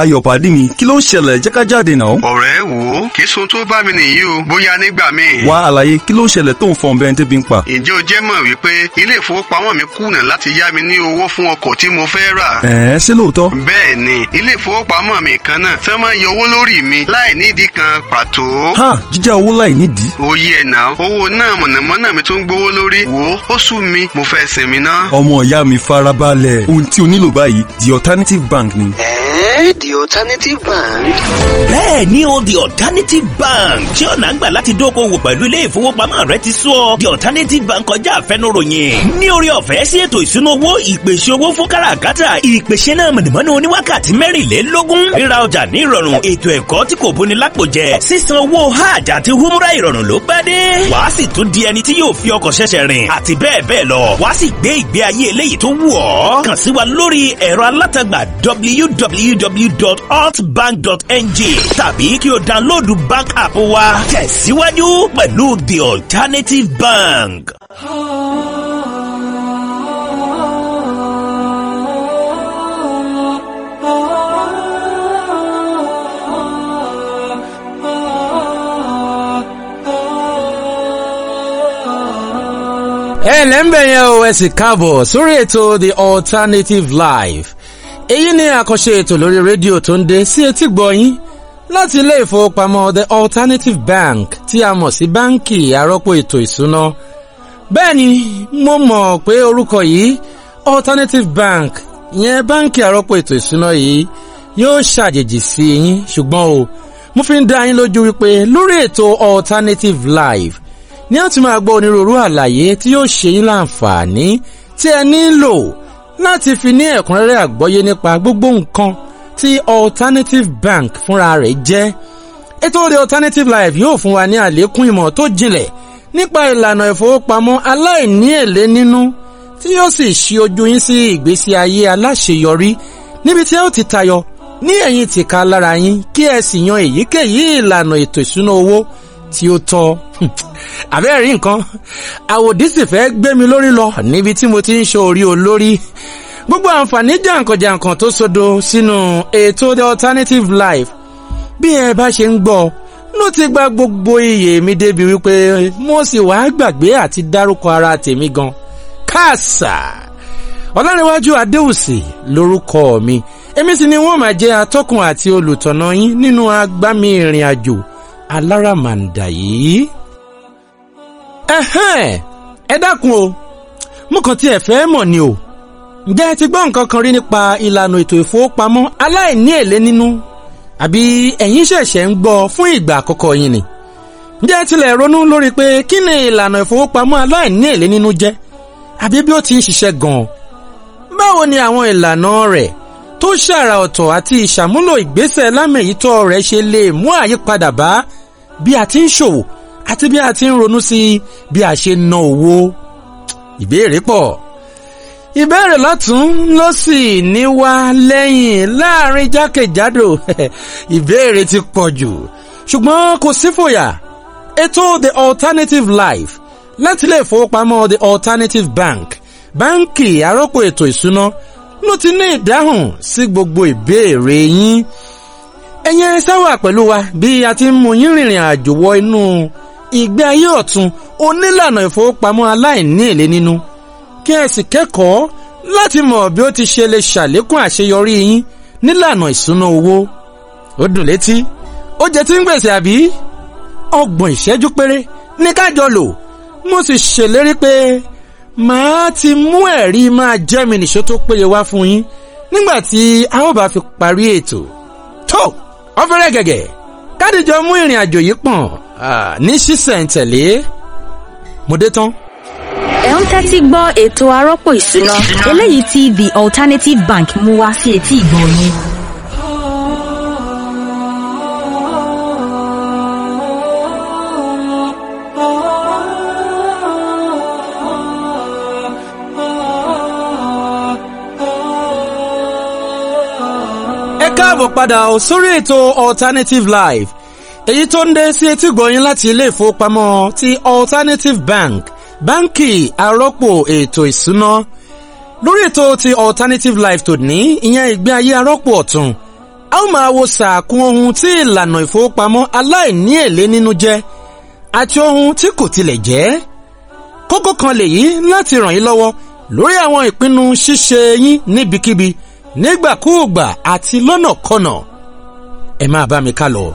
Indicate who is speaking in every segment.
Speaker 1: ayọ̀ pàdé mi kí ló ń ṣẹlẹ̀ jẹ́ ká jáde náà.
Speaker 2: ọ̀rẹ́ wo kì í sun tó bá mi nìyí o bóyá nígbà míì. wá
Speaker 1: àlàyé kí ló ń ṣẹlẹ̀ tó ń fọ̀n bẹ́ẹ̀ tẹ́bi ń pa.
Speaker 2: ǹjẹ́ o jẹ́ mọ̀ wípé ilé ìfowópamọ́ mi kùnà láti yá mi ní owó fún ọkọ̀ tí mo fẹ́ rà.
Speaker 1: ẹ̀ẹ́ ṣé lóòótọ́.
Speaker 2: bẹ́ẹ̀ ni ilé ìfowópamọ́ mi kan náà fẹ́ máa yọ owó lórí mi láì kan pàtó. ha
Speaker 1: jíjá owó láì nídìí.
Speaker 2: oyè náà owó náà mọ̀nàmọ́ná mi tún gbówó wo ó sú mi mo fẹ́ sinmi ná.
Speaker 1: ọmọ ìyá mi the alternative bank ni
Speaker 2: the alternative bank.
Speaker 3: bẹ́ẹ̀ ni o the alternative bank ṣé ọ̀nà àgbà láti dókòwò pẹ̀lú ilé ìfowópamọ́ rẹ ti sọ the alternative bank kọjá àfẹnuròyìn ní orí ọ̀fẹ́ sí ètò ìṣúná owó ìpèsè owó fún káràkátà ìpèsè náà mọ̀nàmọ́ná oníwákàtí mẹ́rìnlélógún ríra ọjà ní ìrọ̀rùn ètò ẹ̀kọ́ tí kò buni lápòjẹ sísan owó hajj àti humra ìrọ̀rùn ló pẹ́ dé wàá sì tún di ẹni tí yóò fi ọkọ̀ ṣẹ̀ṣẹ̀ rìn àti bẹ́ẹ̀ bẹ́ẹ̀ lọ wàá sì gbé ìgbé ayé eléyìí tó wù ọ́ kàn sí wa lórí ẹ̀rọ alátagbà www www.altbank.ng tàbí kí o dáńlóòdù bank app wa tẹ̀síwájú pẹ̀lú the alternative bank.
Speaker 4: ẹ lẹ́ńbẹ̀ yẹn o ẹ sì káàbọ̀ sórí ètò the alternative life èyí ni àkànṣe ètò lórí rédíò tó ń dé sí etí gbọ̀yìn láti ilé ìfowópamọ́ the alternative bank tí a mọ̀ sí báńkì àrọ́pò ètò ìsúná bẹ́ẹ̀ mo mọ̀ pé orúkọ yìí alternative bank yẹn báńkì àrọ́pò ètò ìsúná yìí yóò ṣàjèjì sí yín ṣùgbọ́n o mo fi ń dá yín lójú wípé lórí ètò alternative life ni a ti máa gbọ́ onírúurú àlàyé tí yóò ṣe yín láǹfààní tí ẹ nílò láti fi ní ẹ̀kúnrẹ́rẹ́ àgbọ́yé nípa gbogbo nǹkan tí alternative bank fúnra rẹ̀ jẹ́ ètò orí alternative life yóò fún wa ní àlékún ìmọ̀ tó jinlẹ̀ nípa ìlànà ìfowópamọ́ aláìní èlé nínú tí yóò sì ṣí ojú yín sí ìgbésí ayé aláṣeyọrí níbi tí ẹ ó ti tayọ ní ẹ̀yìn tìka lára yín kí ẹ sì yan èyíkéyìí ìlànà ètò ìṣúná owó tí ó tọ́ hmm. àbẹ́ẹ̀rí nǹkan àwòdì sì fẹ́ gbé mi lórí lọ níbi tí mo ti ń ṣe orí olórí gbogbo àǹfààní jàǹkànjàǹkàn tó sodo sínú ètò the alternative life bí ẹ bá ṣe ń gbọ́ ló ti gba gbogbo iyè mi débi wípé mo sì wá gbàgbé àti dárúkọ ara tèmi gan káàsà ọlárẹ̀wájú adéwùsì lórúkọ mi èmi sì ni wọ́n máa jẹ́ atọ́kùn àti olùtọ̀nà yín nínú agbámi ìrìn àjò aláràmàǹdà yìí. ẹ̀hẹ́n ẹ dákun o mo kàn tiẹ̀ fẹ́ mọ̀ ni o ǹjẹ́ ẹ ti gbọ́ nǹkan kan rí nípa ìlànà ètò ìfowópamọ́ aláìní èlé nínú àbí ẹ̀yin ṣẹ̀ṣẹ̀ ń gbọ́ fún ìgbà àkọ́kọ́ yín ni ǹjẹ́ ẹ tilẹ̀ ronú lórí pé kí ni ìlànà ìfowópamọ́ aláìní èlé nínú jẹ́ àbí bí ó ti ń ṣiṣẹ́ gan-an báwo ni àwọn ìlànà rẹ̀ tó ṣàrà ọ̀tọ̀ àti ìṣàmúlò ìgbésẹ̀ lámìyítọ́ rẹ̀ ṣe lè mú àyípadà bá bí a ti ń ṣòwò àti bí a ti ń ronú sí bí a ṣe ń ná owó. ìbéèrè pọ̀ ìbéèrè lọ́tún ló sì ní wá lẹ́yìn láàrin jákèjádò ìbéèrè ti pọ̀ jù ṣùgbọ́n kò sí fòyà ètò the alternative life láti ilé ìfowópamọ́ the alternative bank báńkì àrọ́pò ètò ìsúná mo ti ní ìdáhùn sí gbogbo ìbéèrè yín ẹ̀yin sáwà pẹ̀lú wa bí a ti ń mú yín rìnrìn àjò wọ inú ìgbé ayé ọ̀tun onílànà ìfowópamọ́ aláìní èlé nínú kí ẹ sì kẹ́kọ̀ọ́ láti mọ̀ bí ó ti ṣe lè ṣàlékún àṣeyọrí yín nílànà ìṣúná owó ó dùn létí ó jẹ́ tí ń gbèsè àbí ọgbọ̀n ìṣẹ́jú péré ní ká lò mo sì ṣèlérí pé màá ti mú ẹ̀rí máa jẹ́ mi nìṣó tó péye wá fún yín nígbà tí a ó bá fi parí ètò. tó ọ̀fẹ́rẹ́ gẹ̀gẹ̀ kádìjọ mú ìrìn àjò yìí pọ̀n ní ṣísẹ̀ntẹ̀lé mo dé tán.
Speaker 5: ẹ ń tẹ́tí gbọ́
Speaker 1: ètò arọ́pò ìṣúná eléyìí tí The Alternative Bank mú wá sí etí ìgbọ̀nyín.
Speaker 4: káàbọ̀ padà ò sórí ètò alternative life. èyí tó ń dé sí etí gbọ̀yìn láti ilé ìfowópamọ́ ti alternative bank báńkì arọ́pò ètò ìsúná lórí ètò ti alternative life tòní ìyẹn ìgbé ayé arọ́pò ọ̀tun a ó máa wo sàkún ohun tí ìlànà ìfowópamọ́ aláìní èlé nínú jẹ́ àti ohun tí kò tilẹ̀ jẹ́ kókó kan lèyí láti ràn yín lọ́wọ́ lórí àwọn ìpinnu ṣíṣe yín níbikíbi nígbàkúùgbà àti lọ́nàkọnà ẹ máa bá mi ká lọ.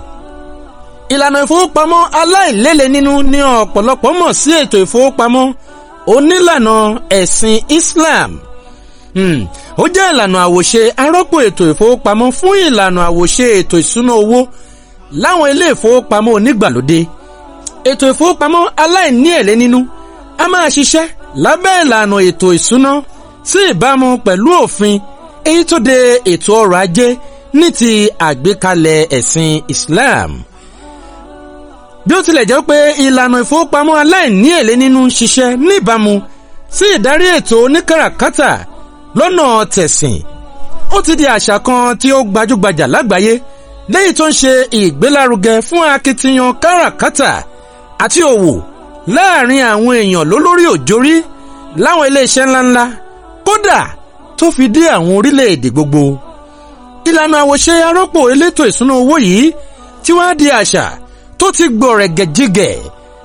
Speaker 4: ìlànà ìfowópamọ́ aláìlélẹ̀ nínú ni ọ̀pọ̀lọpọ̀ mọ̀ sí ètò ìfowópamọ́ onílànà ẹ̀sìn Islam hmm, ó jẹ́ ìlànà àwòṣe arọ́pò ètò ìfowópamọ́ fún ìlànà àwòṣe ètò ìṣúná owó láwọn ilé ìfowópamọ́ onígbàlódé ètò ìfowópamọ́ aláìní èlé nínú a máa ṣiṣẹ́ lábẹ́ ìlànà ètò ìṣúná sí ìbámu pẹ̀lú òfin èyí tó de ètò ọrọ̀ ajé ní ti àgbékalẹ̀ ẹ̀sìn Islam bí ó tilẹ̀ jẹ́ pé ìlànà ìfowópamọ́ aláìní èlé nínú ń ṣiṣẹ́ níbàámu sí ìdarí ètò oníkàràkátà lọ́nà tẹ̀sìn ó ti di àṣà kan tí ó gbajúgbajà lágbàáyé lẹ́yìn tó ń ṣe ìgbélárugẹ fún akitiyan káràkátà àti òwò láàrin àwọn èèyàn lólórí òjórí láwọn iléeṣẹ́ ńláńlá kódà tó fi dé àwọn orílẹ̀-èdè gbogbo ìlànà àwòṣe arọ́pò elétò ìṣúná owó yìí tí wá di àṣà tó ti gbọ̀rẹ̀ gẹ̀jigẹ̀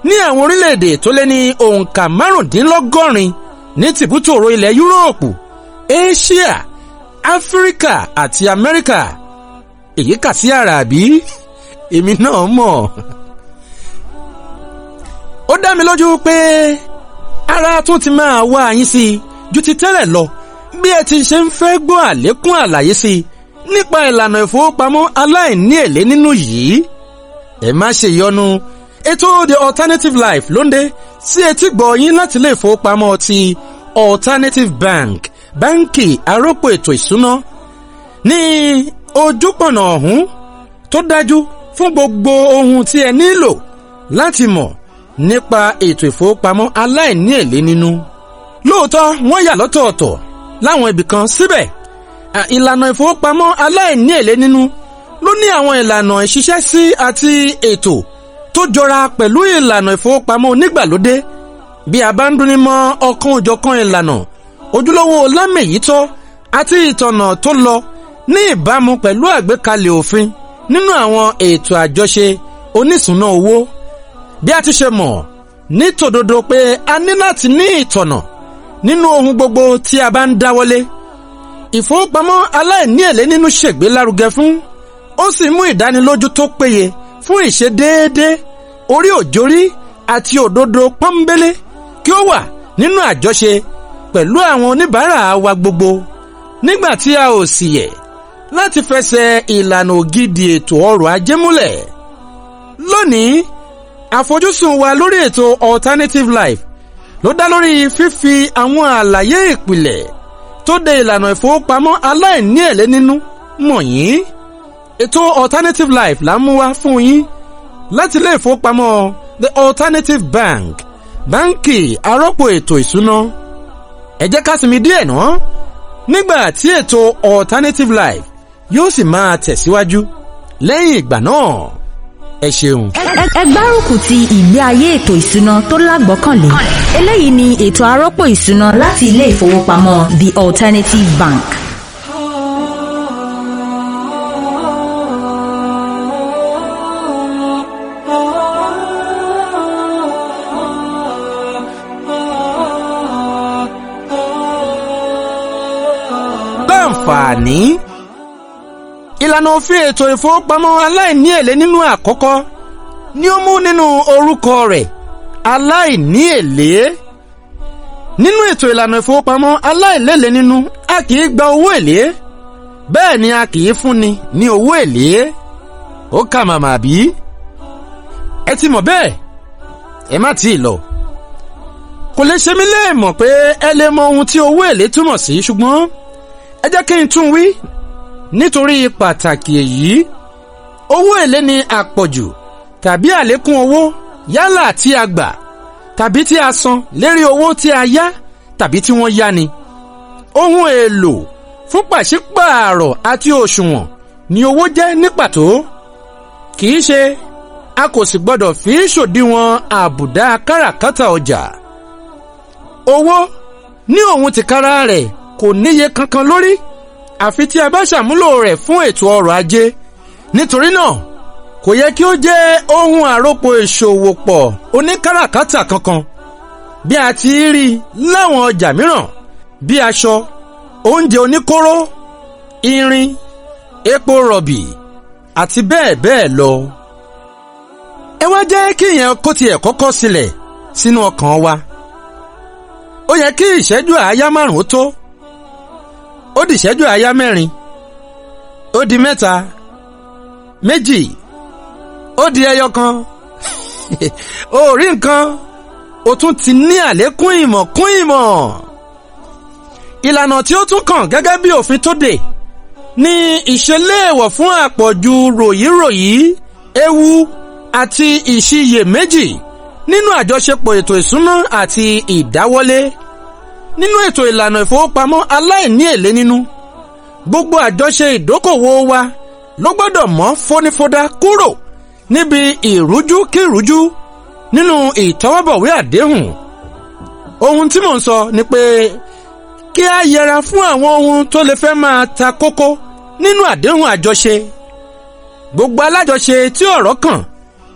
Speaker 4: ní àwọn orílẹ̀-èdè tó lé ní òǹkà márùndínlọ́gọ́rin ní tìbútòrò ilẹ̀ yúróòpù Asia Áfíríkà àti Amẹ́ríkà èyí kà sí àrà àbí èmi náà mọ̀ ó dá mi lójú pé ara tún ti máa wá yín sí ju ti tẹ́lẹ̀ lọ bí ẹ ti ṣe ń fẹ́ gbọ́ àlékún àlàyé sí i nípa ìlànà ìfowópamọ́ aláìní èlé nínú yìí ẹ má ṣe yọnu ètò the alternative life ló ń dé sí etí gbọ̀ọ́yìn láti ilé ìfowópamọ́ ti alternative bank báńkì arọ́pò ètò ìsúná ní ojúpọ̀nà ọ̀hún tó dájú fún gbogbo ohun tí ẹ nílò láti mọ̀ nípa ètò ìfowópamọ́ aláìní èlé nínú lóòótọ́ wọ́n yà lọ́tọ̀ọ̀tọ̀ láwọn ibì kan síbẹ̀ ìlànà ìfowópamọ́ aláìní èlé nínú ló ní àwọn ìlànà ìṣiṣẹ́ sí àti ètò tó jọra pẹ̀lú ìlànà ìfowópamọ́ onígbàlódé bí a bá ń dúnni mọ́ ọ̀kan òjọ̀kan ìlànà ojúlówó lámèyítọ́ àti ìtọ̀nà tó lọ ní ìbámu pẹ̀lú àgbékalẹ̀ òfin nínú àwọn ètò àjọṣe oníṣúná owó bí a ti ṣe mọ̀ ní tòdodo pé a ní láti ní ìtọ̀nà nínú ohun gbogbo tí a bá ń dáwọ́lé ìfowópamọ́ aláìní èlé nínú ṣègbélárugẹ fún ó sì mú ìdánilójú tó péye fún ìṣedéédé orí òjórí àti òdodo pọ́nbélé kí ó wà nínú àjọṣe pẹ̀lú àwọn oníbàárà wa gbogbo nígbà tí a ò sì yẹ̀ láti fẹsẹ̀ ìlànà ògidì ètò ọrọ̀ ajé múlẹ̀ lónìí àfojúsùn wa lórí ètò alternative life ló dá lórí fífi àwọn àlàyé ìpìlẹ̀ tó de ìlànà ìfowópamọ́ aláìní èlé nínú mọ̀ yín ètò alternative life là ń mú wá fún yín láti ilé ìfowópamọ́ the alternative bank báńkì arọ́pò ètò ìsúná ẹ jẹ́ ká sinmi díẹ̀ ná nígbà tí ètò alternative life yóò sì máa tẹ̀síwájú lẹ́yìn ìgbà náà ẹ ṣeun.
Speaker 1: ẹ ti ìgbé ayé ètò ìṣúná tó lágbọ́kànlé eléyìí ni ètò àrọ́pò ìṣúná láti ilé ìfowópamọ́ The Alternative Bank.
Speaker 4: àǹfààní ìlànà òfin ètò ìfowópamọ́ aláìní èlé nínú àkọ́kọ́ ni ó mú nínú orúkọ rẹ̀ aláìní èlé nínú ètò ìlànà ìfowópamọ́ aláìlélẹ̀ nínú a kì í gba owó èlé bẹ́ẹ̀ ni a kì í fúnni ní owó èlé ó kà màmá bí ẹ ti mọ̀ bẹ́ẹ̀ ẹ má tí ì lọ kò lè ṣe mí léèmọ̀ pé ẹ lè mọ ohun tí owó èlé túmọ̀ sí ṣùgbọ́n ẹ jẹ́ kí n tún wí nítorí pàtàkì èyí owó èlé ni àpọ̀jù tàbí àlékún owó yálà tí a gbà tàbí tí a san lérí owó tí a yá tàbí tí wọ́n yá ni. ohun èlò fún pàṣípààrọ̀ àti òṣùwọ̀n ni owó jẹ́ ní pàtó. kì í ṣe a kò sì gbọ́dọ̀ fi ṣòdiwọ̀n àbùdá káràkátà ọjà. owó ní òun tìkára rẹ̀ kò níye kankan lórí àfi tí ẹ bá ṣàmúlò rẹ̀ fún ètò ọrọ̀ ajé nítorí náà kò yẹ kí ó jẹ́ ohun àròpọ̀ ìṣòwò pọ̀ oníkáràkátà kankan bí a ti rí láwọn ọjà mìíràn bí aṣọ oúnjẹ oníkóró irin epo rọ̀bì àti bẹ́ẹ̀ bẹ́ẹ̀ lọ. ẹ wá jẹ́ kí ìyẹn kó tiẹ̀ kọ́kọ́ sílẹ̀ sínú ọkàn wa. ó yẹ kí ìṣẹ́jú àáyá márùn-ún tó ó di ìṣẹ́jú àáyá mẹ́rin ó di mẹ́ta méjì ó di ẹyọ kan ó rí nǹkan ó tún ti ní àlékún ìmọ̀ kún ìmọ̀ ìlànà tí ó tún kàn gẹ́gẹ́ bí òfin tó dé ní ìṣeléèwọ̀ fún àpọ̀jù ròyíròyí ewu àti ìṣiyèméjì nínú àjọṣepọ̀ ètò ìsúná àti ìdáwọ́lé. E nínú ètò ìlànà ìfowópamọ́ aláìní èlé nínú gbogbo àjọṣe ìdókòwò wa ló gbọ́dọ̀ mọ́ fónífódá kúrò níbi ìrújú kírújú nínú ìtọ́wọ́bọ̀wé àdéhùn ohun tí mò ń sọ ni pé kí a yẹra fún àwọn ohun tó lè fẹ́ máa ta kókó nínú àdéhùn àjọṣe gbogbo alájọṣe tí ọ̀rọ̀ kàn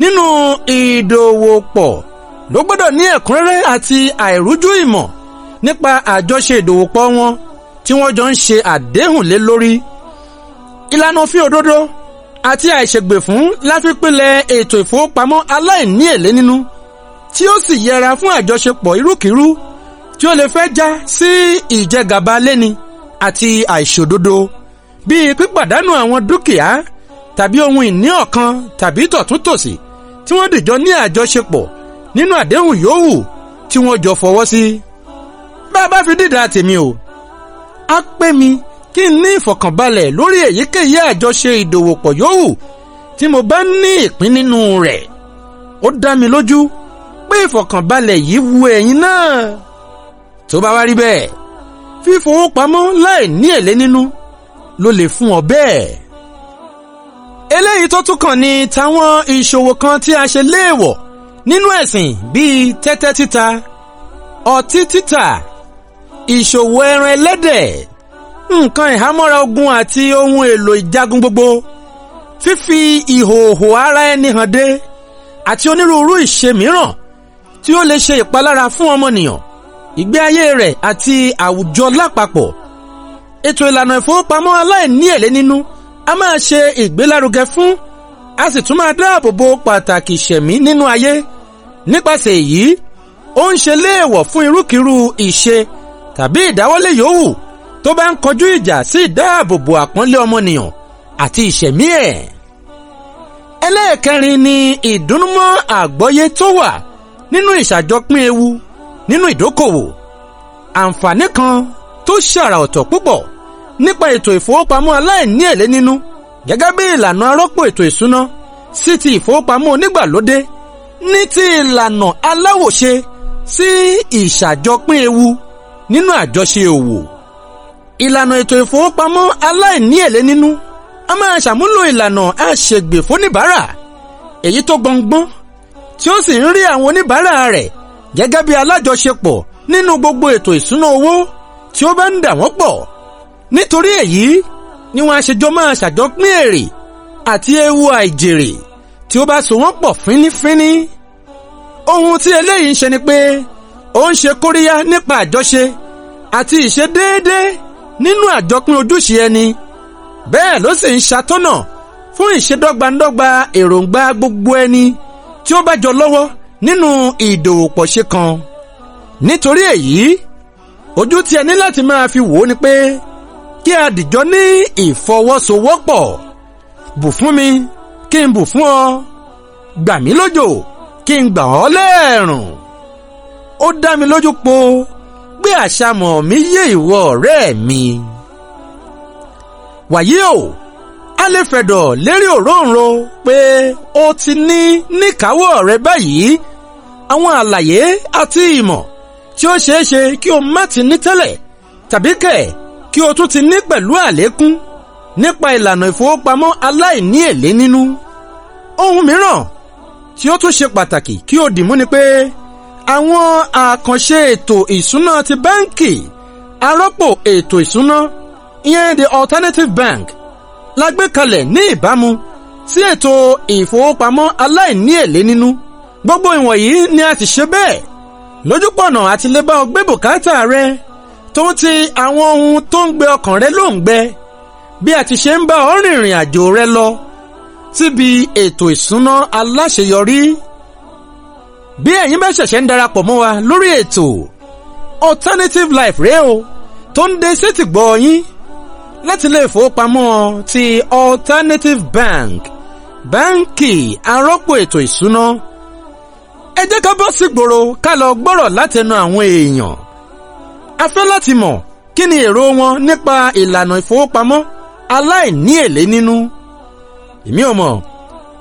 Speaker 4: nínú ìdòwòpọ̀ ló gbọ́dọ̀ ní ẹ̀kúnrẹ́rẹ́ àti àìrújú ìmọ̀ nípa àjọṣe ìdòwòpọ̀ wọn tí wọ́n jọ ń ṣe àdéhùn lé lórí. ìlànà òfin òdodo àti àìṣègbè fún láfipínlẹ̀ ètò ìfowópamọ́ aláìní èlé nínú tí ó sì yẹra fún àjọṣepọ̀ irúkirú tí ó lè fẹ́ já sí ìjẹgàba léni àti àìṣòdodo bíi pípàdánù àwọn dúkìá tàbí ohun ìní ọ̀kan tàbí tọ̀túntòsì tí wọ́n dìjọ ní àjọṣepọ̀ nínú àdéhùn yòówù tí wọ́n jọ fọwọ́ sí bá a bá fi dídá tèmi o á pé mi kí n ní ìfọ̀kànbalẹ̀ lórí èyíkéyìí àjọṣe ìdòwòpọ̀ yòówù tí mo bá ní ìpín nínú rẹ̀ ó dá mi lójú pé ìfọ̀kànbalẹ̀ yìí wu ẹ̀yin náà tó bá wá rí bẹ́ẹ̀ fífowópamọ́ láì ní èlé nínú ló lè fún ọ bẹ́ẹ̀. eléyìí tó tún kàn ní tàwọn ìṣòwò kan tí a ṣe léèwọ̀ nínú ẹ̀sìn bíi tẹ́tẹ́ títa ọtí títà ìṣòwò ẹran ẹlẹ́dẹ̀ nǹkan ìhámọ́ra ogun àti ohun èlò ìjagun gbogbo fífi ìhòòhò ara ẹni hàn dé àti onírúurú ìṣe mìíràn tí ó lè ṣe ìpalára fún ọmọnìyàn ìgbé ayé rẹ̀ àti àwùjọ lápapọ̀ ètò ìlànà ìfowópamọ́ aláìní èlé nínú a máa ṣe ìgbélárugẹ fún a sì tún máa dáàbò bo pàtàkì ìṣẹ̀mí nínú ayé nípasẹ̀ èyí ó ń ṣe léèwọ̀ fún irúkirú ìṣe tàbí ìdáwọ́lé yòówù tó bá ń kọjú ìjà sí ìdáàbòbò àpọ́nlé ọmọnìyàn àti ìṣẹ̀mí ẹ̀. ẹlẹ́ẹ̀kẹrin ni ìdúnmọ́ àgbọ́yé tó wà nínú ìṣàjọpín ewu nínú ìdókòwò àǹfààní kan tó ṣàrà ọ̀tọ̀ púpọ̀ nípa ètò ìfowópamọ́ aláìní èlé nínú gẹ́gẹ́ bí ìlànà arọ́pò ètò ìsúná sí ti ìfowópamọ́ onígbàlódé ní ti ìlànà aláwòṣe sí ìṣàjọpín ewu nínú àjọṣe òwò. ìlànà ètò ìfowópamọ́ aláìní èlé nínú a máa ṣàmúlò ìlànà àṣègbè fóníbàárà èyí tó gbọngbọ́n tí ó sì ń rí àwọn oníbàárà rẹ̀ gẹ́gẹ́ bí alájọṣepọ̀ nínú gbogbo ètò ìṣúná owó tí ó bá ń dà wọ́n pọ̀ nítorí èyí ni wọ́n aṣèjọ máa ṣàjọpín èrè àti ewu àìjèrè tí ó bá so wọ́n pọ̀ fínífíní ohun tí eléyìí ń ṣe ni pé ó ń ṣe kóríyá nípa àjọṣe àti ìṣedéédé nínú àjọpín ojúṣe ẹni bẹ́ẹ̀ ló sì ń ṣàtọ́nà fún ìṣedọ́gbandọ́gba èròǹgbà gbogbo ẹni tí ó bá jọ lọ́wọ́ nínú ìdòwòpọ̀ṣe kan nítorí èyí ojú tí ẹ ní láti máa fi wò ó ni pé kí a dìjọ ní ìfọwọ́sowọ́pọ̀ bù fún mi kí n bù fún ọ gbà mí lójò kí n gbà ọ́ lẹ́ẹ̀rùn ó dá mi lójú po gbé àṣàmọ̀ mi yé ìwọ ọ̀rẹ́ mi. wàyí o a lè fẹ̀dọ̀ lérí òróǹro pé o ti ní níkàáwọ́ rẹ báyìí àwọn àlàyé àti ìmọ̀ tí ó ṣeé ṣe kí o má ti ní tẹ́lẹ̀ tàbí kẹ̀ kí o tún ti ní pẹ̀lú àlékún nípa ìlànà ìfowópamọ́ aláìní èlé nínú. ohun mìíràn tí ó tún ṣe pàtàkì kí o dìmú ni pé àwọn àkànṣe ètò ìsúná ti báǹkì arọ́pò ètò ìsúná ìyẹn the alternative bank la gbé kalẹ̀ ní ìbámu sí ètò ìfowópamọ́ aláìní èlé nínú gbogbo ìwọ̀nyí ni a sì ṣe bẹ́ẹ̀ lójúpọ̀nà àti lè bá ọ gbé bùkátà rẹ tó ń ti àwọn ohun tó ń gbé ọkàn rẹ ló ń gbẹ bí a ti ṣe ń bá ọ rìnrìn àjò rẹ lọ síbi ètò ìsúná aláṣeyọrí bí ẹ̀yin bá ṣẹ̀ṣẹ̀ ń darapọ̀ mọ́ wa lórí ètò alternative life rèé o tó ń dé sétì gbọ́ yín láti ilé ìfowópamọ́ ti alternative bank báǹkì arọ́pò ètò ìsúná ẹ jẹ́ ká bọ́ sígboro ká lọ gbọ́rọ̀ látẹnu àwọn èèyàn a fẹ́ láti mọ̀ kí ni èrò wọn nípa ìlànà ìfowópamọ́ aláìní èlé nínú èmi ò mọ̀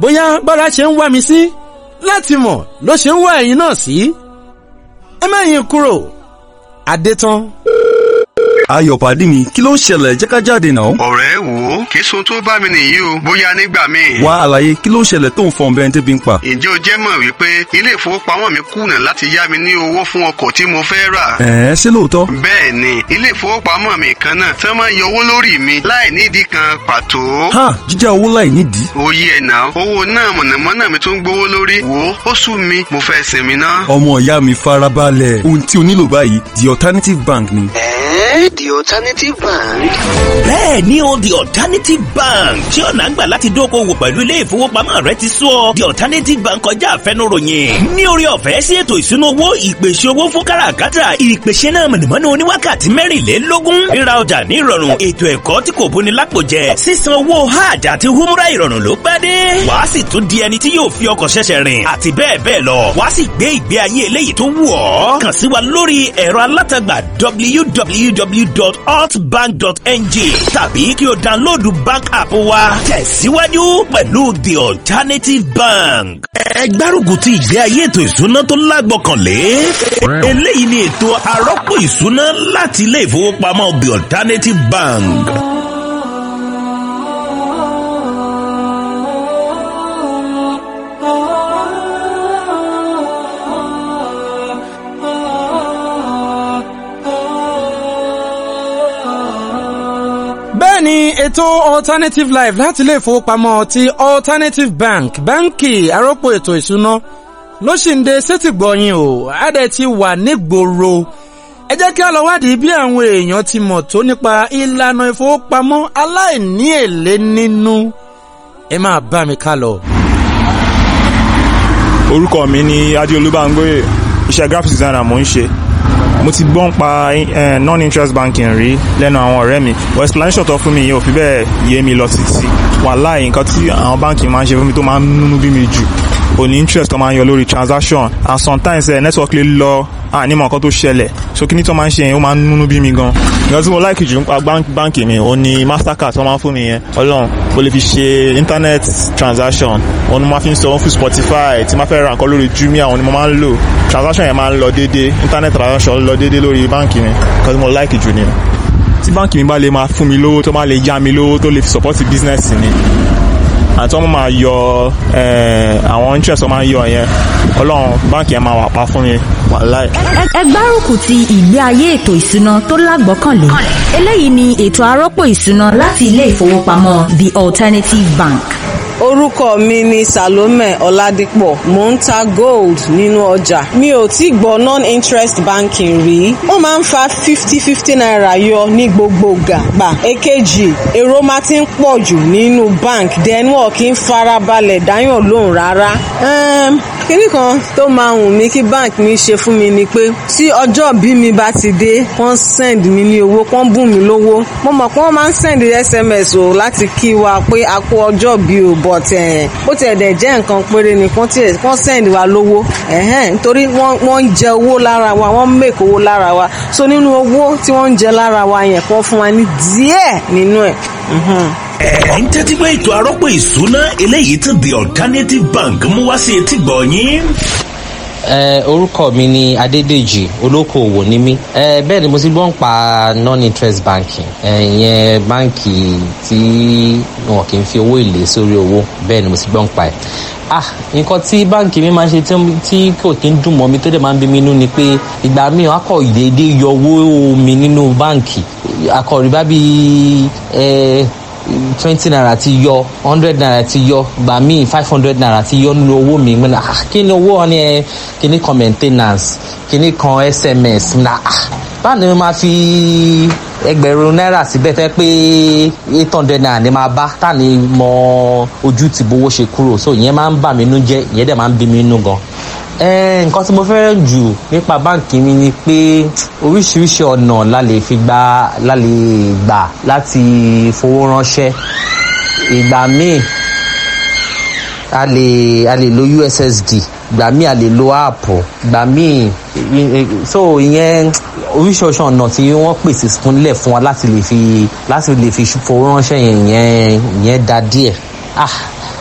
Speaker 4: bóyá bára ṣe ń wá mi sí. Si, láti mọ̀
Speaker 1: ló ṣe ń wá ẹ̀yin náà sí ẹ má yín kúrò adétán ayọ̀ pàdé mi kí ló ń ṣẹlẹ̀ jẹ́ ká jáde náà.
Speaker 2: ọ̀rẹ́ wo kì í sun tó bá mi nìyí o bóyá nígbà míì. wá
Speaker 1: àlàyé kí ló ń ṣẹlẹ̀ tó ń fọn bẹ́ẹ̀ tẹ́bi ń pa. ǹjẹ́
Speaker 2: o jẹ́ mọ̀ wípé ilé ìfowópamọ́ mi kùnà láti yá mi ní owó fún ọkọ̀ tí mo fẹ́ rà.
Speaker 1: ẹ̀ẹ́ ṣé lóòótọ́.
Speaker 2: bẹ́ẹ̀ ni ilé ìfowópamọ́ mi kan náà tán máa yọ owó lórí mi láì nídìí kan pàtó. ha
Speaker 1: jíjá owó láì nídìí.
Speaker 2: oyè náà owó náà mọ̀nàmọ́ná mi tún gbówó lórí wo ó sú mi mo fẹ́ sinmi ná.
Speaker 1: ọmọ ìyá mi alternative bank ni.
Speaker 5: Try the alternative bank.
Speaker 3: Bẹ́ẹ̀ ni o the alternative bank tí ọ̀nà ń gbà láti dókòwò pẹ̀lú ilé ìfowópamọ́ rẹ ti sú The alternative bank kọjá àfẹnuròyìn. Ní orí ọ̀fẹ́ sí ètò ìṣúná owó ìpèsè owó fún káràkátà ìpèsè náà mọ̀nàmọ́ná oníwákàtí mẹ́rìnlélógún. Ríra ọjà ní ìrọ̀rùn ètò ẹ̀kọ́ tí kò bóni lápòjẹ. Sísan owó hajj àti humra ìrọ̀rùn ló pẹ́ dé. Wàá sì tún di ẹni tí yóò fi ọkọ̀ ṣẹ̀ṣẹ̀ rìn àti bẹ́ẹ̀ bẹ́ẹ̀ lọ. Wàá sì gbé ìgbé ayé eléyìí tó wù ọ́. Kàn sí wa lórí ẹ̀rọ alátagbà www www.altbank.ng tàbí kí o download bank app wa tẹ̀síwájú pẹ̀lú the alternative bank. ẹgbẹ́rùkù ti ìgbé ayé ètò ìsúná tó lágbọ́kànlé eléyìí ni ètò àrọ́pò ìsúná láti ilé ìfowópamọ́ the alternative bank.
Speaker 4: ètò alternative life láti ilé ìfowópamọ́ ti alternative bank báńkì arọ́pò ètò ìṣúná ló sì ń de sétìgbọ̀yìn o adẹ ti wà nígboro ẹ jẹ́ kí a lọ wádìí bí àwọn èèyàn ti mọ̀ tó nípa ìlànà ìfowópamọ́ aláìní èlé nínú ẹ máa bá mi ká lọ.
Speaker 3: orúkọ mi ni adéolú báńgbé iṣẹ́ graphic designer mò ń ṣe mo ti gbọ́n pa non-interest banking rí lẹ́nu àwọn ọ̀rẹ́ mi but explanation tó fún mi yìí ò fi bẹ́ẹ̀ yé mi lọ títí wàláì nǹkan tí àwọn báǹkì máa ń ṣe fún mi tó máa ń múnú bí mi jù òní interest tó máa ń yọ lórí transaction and sometimes network lè lọ ànímọ̀ ah, nǹkan tó ṣẹlẹ̀ so kí ni tó máa ń ṣe yẹn ó máa ń múnú bí mi gan. ìgbà tí mo láìkì jù nípa báǹkì mi ó ní mastercard tó máa ń fún mi yẹn ọlọ́run mo lè fi ṣe internet transaction òun ni mo máa fi ń sọ fún spotify tí ma fẹ́ ra nǹkan lórí jumia òun ni mo máa ń lò transaction yẹn máa ń lọ déédéé internet transaction lọ déédéé lórí báǹkì mi nǹkan tí mo láìkì jù ni tí báǹkì mi bá lè máa fún mi lówó tó máa lè yá mi lówó tó lè fi support business mi àti wọ́n máa yọ eh, àwọn interest wọ́n máa yọ yẹn ọlọ́run báǹkì yẹn máa wà pa fún mi wàláì.
Speaker 1: ẹ gbárùkù ti ìgbé ayé ètò ìṣúná tó lágbọ́kànlé eléyìí ni ètò àrọ́pò ìṣúná láti ilé ìfowópamọ́ The Alternative Bank.
Speaker 6: Orúkọ mi ni Salome Ọládípọ̀. Mò ń ta gold nínú ọjà. Mi ò tí gbọ́ non-interest banking rí. Wọ́n máa ń fa fifty fifty naira yọ ní gbogbo gbà. Èkejì, èrò máa ti ń pọ̀ jù nínú bank. Then wọ́n kì í farabalẹ̀ dáyàn lóhùn rárá. Um, kinní kan tó máa wù mí kí bank mi ṣe fún mi ni pé tí ọjọ́ bí mi bá ti dé wọ́n send mi ní owó wọ́n bùn mí lówó mo mọ̀ pé wọ́n máa ń send sms o láti kí wa pé a kó ọjọ́ bí o but eh, bó tiẹ̀ dẹ̀ jẹ́ nǹkan péré ni wọ́n send wa lówó nítorí wọ́n ń jẹ owó lára wa wọ́n make owó lára wa so nínú owó tí wọ́n ń jẹ lára wa yẹn kó fún wa ní díẹ̀ nínú ẹ̀
Speaker 3: ẹ̀ ń tẹ́tí pé ètò arọ́pò ìṣúná eléyìí tí the alternative bank mú wá sí etí gbọ̀ yín. ẹ orúkọ mi ni adédèjì olókoòwò ni mí bẹ́ẹ̀ ni mo ti gbọ́n
Speaker 6: pa non-interest banking ìyẹn báǹkì tí wọn kì í fi owó èlé sórí owó bẹ́ẹ̀ ni mo ti gbọ́n pa ẹ̀ ah nǹkan tí báǹkì mi máa ń ṣe tí kò kí ń dùn mọ́ mi tó dẹ̀ máa ń bí mi nú ni pé ìgbà míì wọn á kọ̀ déédéé yọ owó mi nínú báǹkì akọ̀rìbá bíi twenty naira ti yọ hundred naira ti yọ gbà míì five hundred naira ti yọ nínú owó mi mo na ah kí ni owó wọn yẹn kí ni kan maintenance kí ni kan sms na ah báwo ni mo máa fi ẹgbẹ̀rún náírà síbẹ̀ fẹ́ pé eight hundred naira ni máa bá tani mọ ojú ti bówó ṣe kúrò so ìyẹn máa ń bà mí nú jẹ́ ìyẹn dẹ̀ máa ń bí mi nú gan nǹkan tí mo fẹ́ràn jù nípa báǹkì mi ni pé oríṣiríṣi ọ̀nà la lè fi gba la lè gbà láti fowó ránṣẹ́ ìgbà míì a lè a lè lo ussd ìgbà míì a lè lo app ìgbà míì so ìyẹn oríṣiríṣi ọ̀nà tí wọ́n pèsè fúnlẹ̀ fún wa láti lè fi láti lè fi fowó ránṣẹ́ yẹn ìyẹn ìyẹn da díẹ̀ ah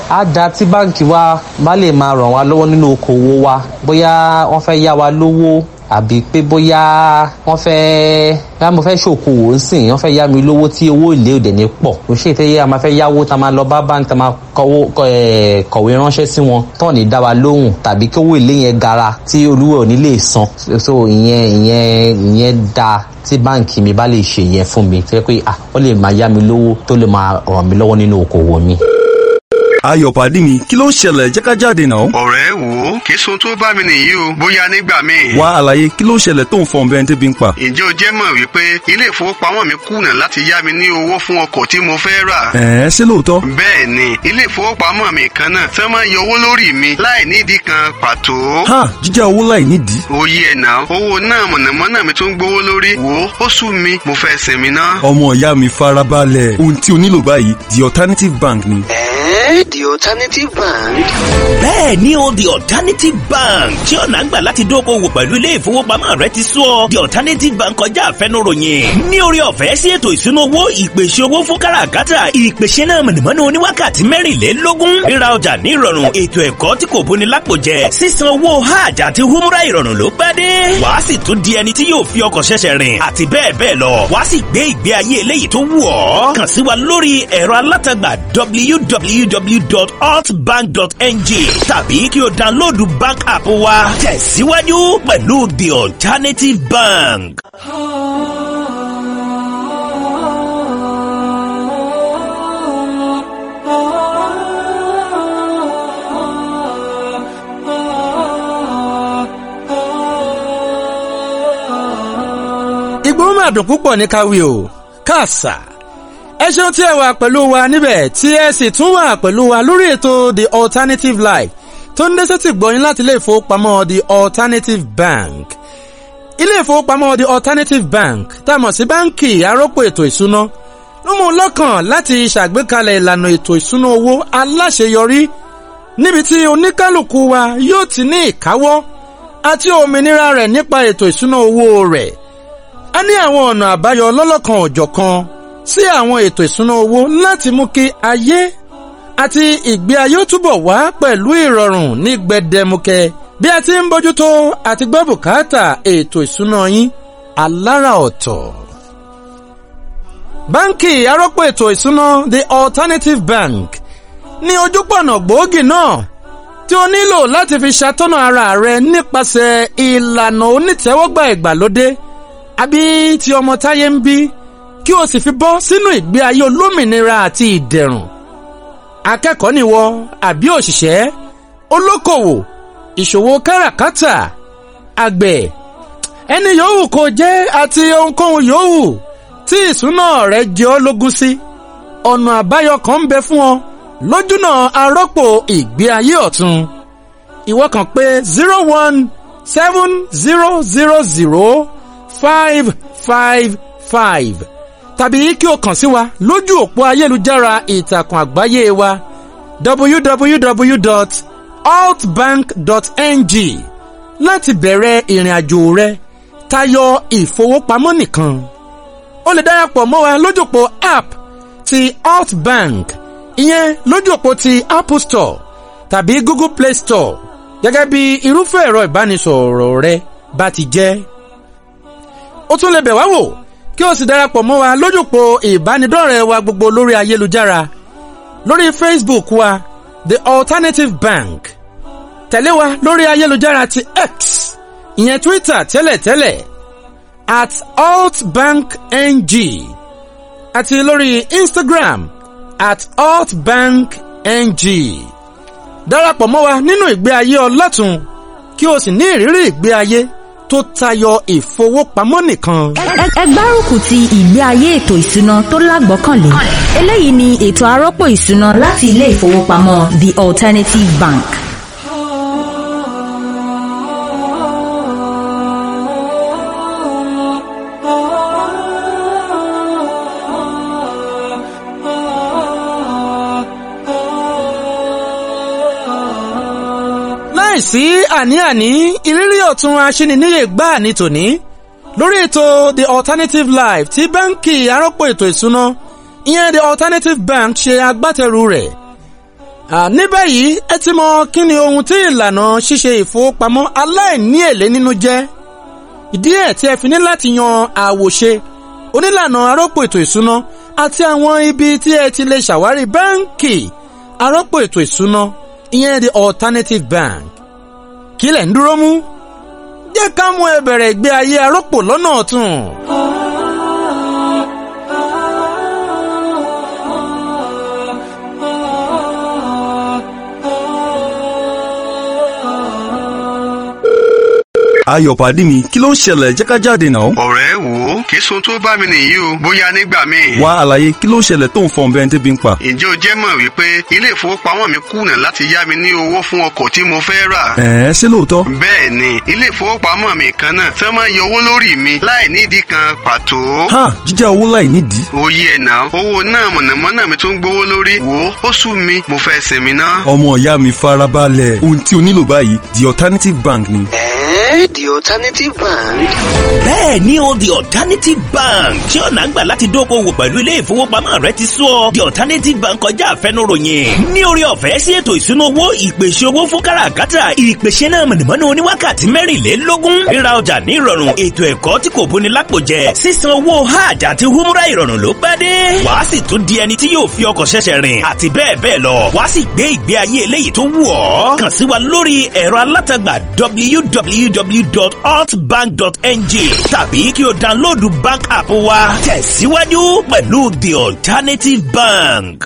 Speaker 6: A da tí báǹkì wa bá lè máa ràn wá lọ́wọ́ nínú okòwò wa bóyá wọ́n fẹ́ yá wa lówó àbí pé bóyá wọ́n fẹ́ yá mo fẹ́ ṣòkòwò ńsìn wọ́n fẹ́ yá mi lówó tí owó ìlé òdè ní pọ̀ kò ṣe ìtẹ́yẹ a máa fẹ́ yáwó tá a máa lọ bá báńkì tá a máa kọ̀wé ránṣẹ́ sí wọn tó ní dá wa lóhùn tàbí kí owó ìlé yẹn gara tí olúwa ò lè san so ìyẹn ìyẹn ìyẹn da tí báǹkì mi bá lè ṣe yẹn fún mi tẹ́ pé ah wọ́n lè máa yá mi lówó tó lè máa ràn mí lọ́wọ́ nínú okòwò
Speaker 1: mi ayọ̀ pàdé mi kí ló ń ṣẹlẹ̀ jẹ́ ká jáde náà.
Speaker 2: ọ̀rẹ́ wo kìí sun tó bá mi nìyí o bóyá nígbà míì. wá
Speaker 1: àlàyé kí ló ń ṣẹlẹ̀ tó ń fọ ọ̀bẹ tẹ́bi ń pa. ǹjẹ́
Speaker 2: o jẹ́ mọ̀ wípé ilé ìfowópamọ́ mi kùnà láti yá mi ní owó fún ọkọ̀ tí mo fẹ́ rà. ẹ ẹ ṣé lóòótọ́. bẹ́ẹ̀ ni ilé ìfowópamọ́ mi kan náà fẹ́ máa yọ owó lórí mi láì nídìí
Speaker 1: ha jíjá owó láì nídìí.
Speaker 2: oyè ẹ̀nà owó náà mọ̀nàmọ́ná mi tún wo ó sú mi mo fẹ́ sinmi ná.
Speaker 1: ọmọ ìyá mi farabalẹ̀ the alternative bank
Speaker 3: ni
Speaker 2: the alternative bank.
Speaker 3: bẹ́ẹ̀ ni o the alternative bank tí ọ̀nà àgbà láti dókòwò pẹ̀lú ilé ìfowópamọ́ rẹ ti sú the alternative bank kọjá àfẹnuròyìn ní orí ọ̀fẹ́ sí ètò ìṣúná owó ìpèsè owó fún káràkátà ìpèsè náà mọ̀nàmọ́ná oníwákàtí mẹ́rìnlélógún ríra ọjà ní ìrọ̀rùn ètò ẹ̀kọ́ tí kò buni lápòjẹ sísan owó hajj àti humra ìrọ̀rùn ló pẹ́ dé wàá sì tún di ẹni tí yóò fi ọkọ̀ ṣẹ̀ṣẹ̀ rìn àti bẹ́ẹ̀ bẹ́ẹ̀ lọ wàá sì gbé ìgbé ayé eléyìí tó wù ọ́ kàn sí wa lórí ẹ̀rọ alátagbà www www.altbank.ng tàbí kí o download bank app wa tẹ̀síwájú pẹ̀lú the alternative bank.
Speaker 4: ìgbóhùn àdùn púpọ̀ ní káwí o káàsà ẹ ṣeun tí ẹ wà pẹ̀lú wa níbẹ̀ tí ẹ sì tún wà pẹ̀lú wa lórí ètò the alternative life tó ń dẹ́sẹ̀ tì gbọ́yìn láti ilé ìfowópamọ́ the alternative bank ilé ìfowópamọ́ the alternative bank tá a mọ̀ sí báńkì arọ́pò ètò ìsúná ló mú un lọ́kàn láti ṣàgbékalẹ̀ ìlànà ètò ìsúná owó aláṣeyọrí níbi tí oníkálukú wa yóò ti ní ìkáwọ́ àti òmìnira rẹ̀ nípa ètò ìsúná owó rẹ̀ a ní àwọn ọ̀nà àbáyọ lọ́lọ́kan òjọ̀kan sí àwọn ètò ìṣúná owó láti mú kí ayé àti ìgbé ayé túbọ̀ wá pẹ̀lú ìrọ̀rùn ní gbẹdẹmukẹ bí a ti ń bójútó àti gbọ́ bùkátà ètò ìṣúná yín alára ọ̀tọ̀. báńkì arọ́pò ètò ìṣúná the alternative bank ní ojúpọ̀nà gbòógì náà tí o nílò láti fi ṣàtọ́nà ara rẹ nípasẹ̀ ìlànà onítẹ̀wọ́gbà ìgbàlódé àbí tí ọmọ táyé ń bí kí o sì fi bọ́ sínú ìgbé ayé olómìnira àti ìdẹ̀rùn akẹ́kọ̀ọ́ nìwọ àbí òṣìṣẹ́ olókòwò ìṣòwò káràkátà àgbẹ̀ ẹni yòówù kò jẹ́ àti ohunkóhun yòówù tí ìṣúná rẹ jẹ ọ́ lógún sí ọ̀nà àbáyọ kan ń bẹ fún ọ lójúnà arọ́pò ìgbé ayé ọ̀tun ìwọ kàn pé zero one seven zero zero zero five five five tàbí kí o kàn sí wa lójú òpó ayélujára ìtàkùn àgbáyé wa www.altbank.ng láti bẹ̀rẹ̀ ìrìn àjò rẹ tayọ ìfowópamọ́ nìkan. o lè darapọ̀ mọ́ wa lójú òpó app ti altbank ìyẹn lójú òpó ti apple store tàbí google play store gẹ́gẹ́ bí irúfẹ́ ẹ̀rọ ìbánisọ̀rọ̀ rẹ bá ti jẹ́. o tún lè bẹ̀ wá wò kí o sì darapọ̀ mọ́ wa lójúpò ìbánidọ́rẹ̀ẹ́ wa gbogbo lórí ayélujára lórí Facebook wa The Alternative Bank tẹ̀lé wa lórí ayélujára ti X ìyẹn Twitter tẹ́lẹ̀tẹ́lẹ̀ at altbankng àti lórí Instagram at altbankng darapọ̀ mọ́ wa nínú ìgbé ayé ọlọ́tun kí o sì ní ìrírí ìgbé ayé tó tayọ ìfowópamọ́ nìkan.
Speaker 1: ẹ gbárùkù ti ìgbé ayé ètò ìṣúná tó lágbọ́kànlé eléyìí ni ètò àrọ́pò ìṣúná láti ilé ìfowópamọ́ The Alternative Bank.
Speaker 4: láìsí àní-àní ìrírí ọ̀tun aṣíniníyè gbà ní tòní lórí ètò the alternative life tí báńkì arọ́pò ètò ìsúná ìyẹn the alternative bank ṣe agbátẹrù rẹ̀ ní báyìí ẹ ti mọ kí ni ohun tí ìlànà ṣíṣe ìfowópamọ́ aláìní èlé nínú jẹ́ ìdí ẹ̀ tí ẹ fi ní láti yan àwòṣe onílànà arọ́pò ètò ìsúná àti àwọn ibi tí ẹ ti lè ṣàwárí báńkì arọ́pò ètò ìsúná ìyẹn the alternative bank kílẹ̀ ń dúró mú jẹ́ ká mú ẹ bẹ̀rẹ̀ ìgbé ayé arọ́pò lọ́nà ọ̀tún.
Speaker 1: ayọ̀ pàdé mi kí ló ń ṣẹlẹ̀ jẹ́ náà.
Speaker 2: ọ̀rẹ́ wo kì í sun tó bá mi nìyí o bóyá nígbà míì. wá
Speaker 1: àlàyé kí ló ń ṣẹlẹ̀ tó ń fọn bẹ́ẹ̀ tẹ́bi ń pa.
Speaker 2: ǹjẹ́ o jẹ́ mọ̀ wípé ilé ìfowópamọ́ mi kùnà láti yá mi ní owó fún ọkọ̀ tí mo fẹ́ rà. ẹ ṣé lóòótọ́. bẹ́ẹ̀ ilé ìfowópamọ́ mi kan náà fẹ́ máa yọ owó lórí mi láì nídìí
Speaker 1: ha jíjá owó láì nídìí.
Speaker 2: oyè náà owó náà mọ̀nàmọ́ná wo ó sú mi mo fẹ́ sinmi ná.
Speaker 1: ọmọ ìyá mi the alternative bank
Speaker 3: ni
Speaker 2: try the alternative bank.
Speaker 3: bẹ́ẹ̀ ni o the alternative bank ṣé ọ̀nà ń gbà láti dókòwò pẹ̀lú ilé ìfowópamọ́ rẹ ti sọ the alternative bank kọjá àfẹnuròyìn ní orí ọ̀fẹ́ sí ètò ìṣúná owó ìpèsè owó fún káràkátà ìpèsè náà mọ̀nàmọ́ná oníwákàtí mẹ́rìnlélógún ríra ọjà ní ìrọ̀rùn ètò ẹ̀kọ́ tí kò bóni lápòjẹ sísan owó hajj àti humra ìrọ̀rùn ló pẹ́ dé wàá sì tún di ẹni tí yóò fi ọkọ̀ ṣẹ̀ṣẹ̀ rìn àti bẹ́ẹ̀ bẹ́ẹ̀ lọ wàá sì gbé ìgbé ayé eléyìí tó wù ọ́ kàn sí wa lórí ẹ̀rọ alátagbà www www.altbank.ng tàbí kí o download bank app wa tẹ̀síwájú pẹ̀lú the alternative bank.